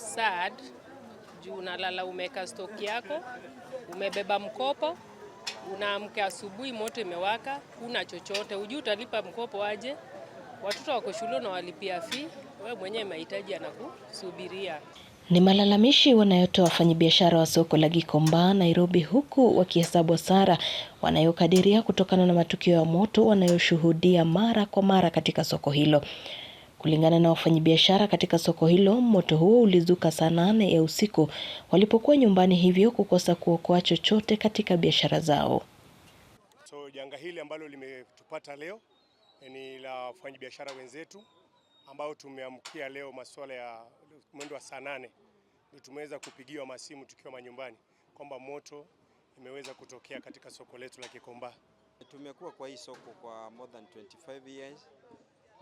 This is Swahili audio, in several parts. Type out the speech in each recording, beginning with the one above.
sad juu unalala umeka stock yako, umebeba mkopo, unaamka asubuhi, moto imewaka, huna chochote, hujui utalipa mkopo aje, watoto wako shule na walipia fee, wewe mwenyewe mahitaji anakusubiria Ni malalamishi wanayotoa wafanyabiashara wa soko la Gikomba Nairobi, huku wakihesabu hasara wanayokadiria kutokana na matukio ya moto wanayoshuhudia mara kwa mara katika soko hilo. Kulingana na wafanyabiashara katika soko hilo, moto huo ulizuka saa nane ya usiku walipokuwa nyumbani, hivyo kukosa kuokoa chochote katika biashara zao. So janga hili ambalo limetupata leo eh, ni la wafanyabiashara wenzetu ambao tumeamkia leo masuala ya mwendo wa saa nane tumeweza kupigiwa masimu tukiwa manyumbani kwamba moto imeweza kutokea katika soko letu la Kikomba. Tumekuwa kwa hii soko kwa more than 25 years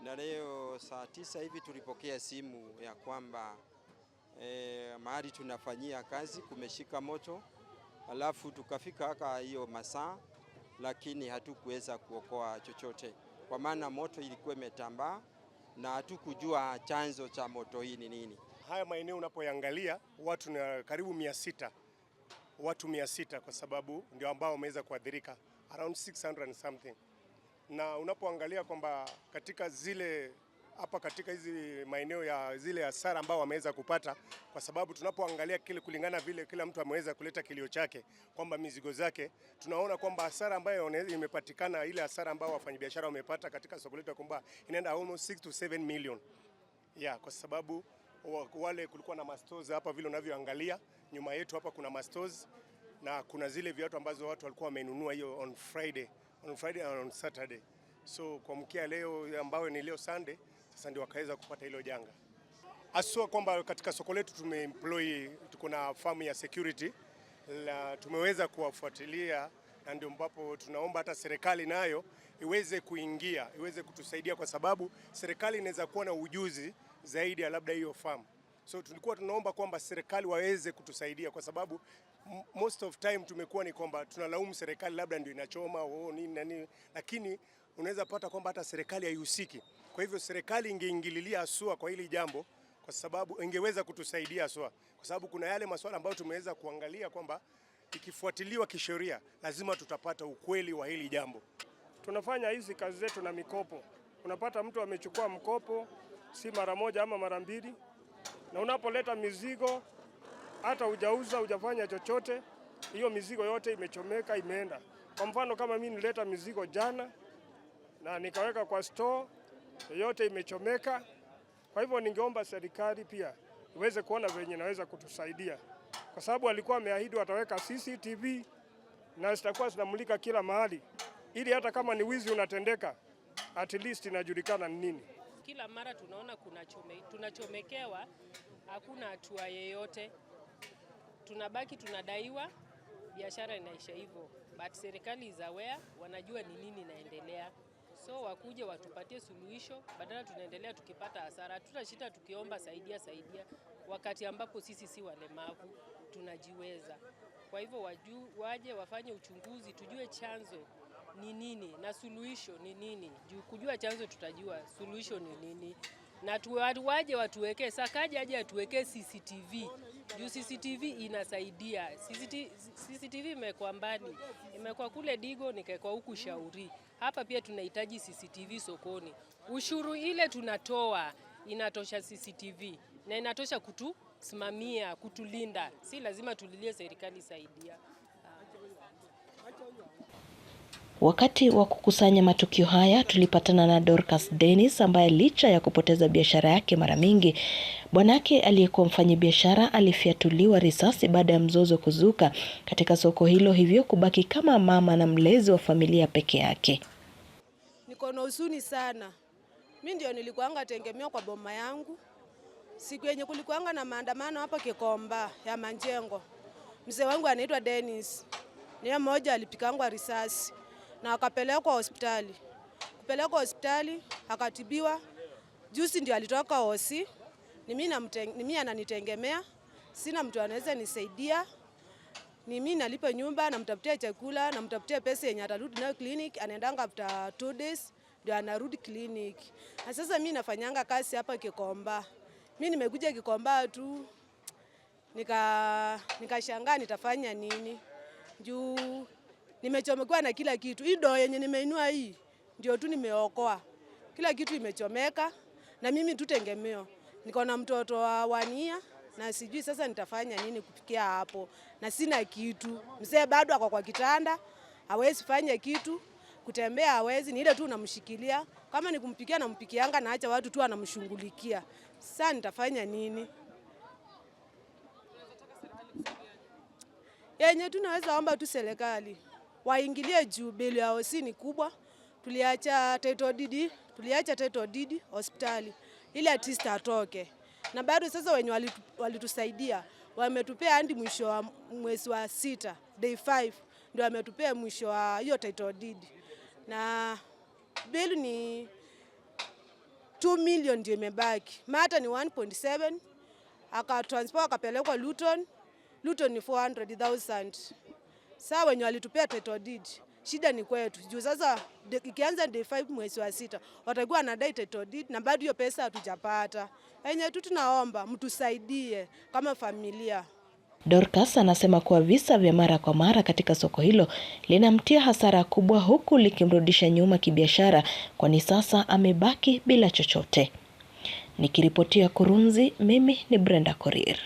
na leo saa tisa hivi tulipokea simu ya kwamba e, mahali tunafanyia kazi kumeshika moto, alafu tukafika haka hiyo masaa, lakini hatukuweza kuokoa chochote, kwa maana moto ilikuwa imetambaa na hatukujua chanzo cha moto hii ni nini. Haya maeneo unapoyangalia watu na uh, karibu mia sita watu mia sita kwa sababu ndio ambao wameweza kuathirika around 600 and something na unapoangalia kwamba katika zile hapa katika hizi maeneo ya zile hasara ambao wameweza kupata, kwa sababu tunapoangalia kile kulingana vile kila mtu ameweza kuleta kilio chake kwamba mizigo zake, tunaona kwamba hasara ambayo imepatikana, ile hasara ambayo wafanyabiashara wamepata katika soko letu kwamba inaenda almost 6 to 7 million yeah, kwa sababu wale kulikuwa na mastos hapa, vile unavyoangalia nyuma yetu hapa kuna mastos na kuna zile viatu ambazo watu walikuwa wamenunua hiyo on Friday on Friday and on Saturday. So mkia leo ambayo ni leo Sunday, sasa ndio wakaweza kupata hilo janga haswa kwamba katika soko letu tumeemploy, tuko na famu ya security la, tumeweza kuwafuatilia na ndio ambapo tunaomba hata serikali nayo iweze kuingia, iweze kutusaidia kwa sababu serikali inaweza kuwa na ujuzi zaidi ya labda hiyo famu. So tulikuwa tunaomba kwamba serikali waweze kutusaidia kwa sababu most of time tumekuwa ni kwamba tunalaumu serikali labda ndio inachoma oo, oh, nini na nini, lakini unaweza pata kwamba hata serikali haihusiki. Kwa hivyo serikali ingeingililia asua kwa hili jambo kwa sababu ingeweza kutusaidia asua, kwa sababu kuna yale masuala ambayo tumeweza kuangalia kwamba ikifuatiliwa kisheria lazima tutapata ukweli wa hili jambo. Tunafanya hizi kazi zetu na mikopo, unapata mtu amechukua mkopo si mara moja ama mara mbili na unapoleta mizigo, hata hujauza hujafanya chochote, hiyo mizigo yote imechomeka, imeenda. Kwa mfano kama mimi nileta mizigo jana na nikaweka kwa store, yote imechomeka. Kwa hivyo ningeomba serikali pia iweze kuona venye naweza kutusaidia, kwa sababu alikuwa ameahidi wataweka CCTV na zitakuwa zinamulika kila mahali, ili hata kama ni wizi unatendeka, at least inajulikana ni nini kila mara tunaona kuna chome, tunachomekewa, hakuna hatua yeyote, tunabaki tunadaiwa, biashara inaisha hivyo, but serikali is aware, wanajua ni nini inaendelea, so wakuje watupatie suluhisho, badala tunaendelea tukipata hasara. Tutashita tukiomba saidia saidia, wakati ambapo sisi si walemavu tunajiweza. Kwa hivyo waju, waje wafanye uchunguzi, tujue chanzo ni nini na suluhisho ni nini. Juu kujua chanzo tutajua suluhisho ni nini, na waje watuwekee Sakaja aje atuwekee CCTV juu CCTV inasaidia. CCTV imekuwa mbali, imekuwa kule Digo, nikaekwa huku Shauri. Hapa pia tunahitaji CCTV sokoni. Ushuru ile tunatoa inatosha CCTV na inatosha kutusimamia, kutulinda. Si lazima tulilie serikali saidia. Wakati wa kukusanya matukio haya tulipatana na Dorcas Dennis ambaye licha ya kupoteza biashara yake mara mingi, bwanake aliyekuwa mfanyabiashara alifyatuliwa risasi baada ya mzozo kuzuka katika soko hilo, hivyo kubaki kama mama na mlezi wa familia peke yake. Niko na huzuni sana. mi ndio nilikuanga tegemeo kwa boma yangu. Siku yenye kulikuanga na maandamano hapa Kikomba ya Manjengo, mzee wangu anaitwa Dennis, niye mmoja alipikangwa risasi na akapelekwa hospitali. Kupelekwa hospitali akatibiwa, juzi ndio alitoka hosi. Ni mimi ananitegemea, sina mtu anaweza nisaidia, ni mimi nalipa nyumba, namtafutia chakula, namtafutia pesa yenye atarudi nayo clinic. Anaendanga after two days ndio anarudi clinic. Na sasa mimi nafanyanga kazi hapa Kikomba. Mimi nimekuja Kikomba tu nikashangaa nika nitafanya nini juu nimechomekwa na kila kitu. Hii ndoo yenye nimeinua hii ndio tu nimeokoa. Kila kitu imechomeka na mimi tu tutengemeo. Niko na mtoto wa wania na sijui sasa nitafanya nini kufikia hapo, na sina kitu. Mzee bado ako kwa kitanda, hawezi fanya kitu, kutembea hawezi, ni ile tu unamshikilia. Kama nikumpikia nampikianga, naacha watu tu anamshughulikia. Sasa nitafanya nini? Yenye tunaweza omba tu serikali waingilie juu bili ya si ni kubwa. Tuliacha title deed, tuliacha title deed hospitali ili artist atoke, na bado sasa wenye walitusaidia wametupea hadi mwisho wa mwezi wa sita, day 5 ndio wametupea mwisho wa hiyo title deed, na bili ni 2 million ndio imebaki, mata ni 1.7 transport akapelekwa Luton. Luton ni 400,000 saa wenye walitupea title deed shida ni kwetu juu sasa ikianza day 5 mwezi wa sita watakuwa wanadai title deed na bado hiyo pesa hatujapata. Enye tu tunaomba mtusaidie kama familia. Dorcas anasema kuwa visa vya mara kwa mara katika soko hilo linamtia hasara kubwa, huku likimrudisha nyuma kibiashara, kwani sasa amebaki bila chochote. Nikiripotia Kurunzi, mimi ni Brenda Korir.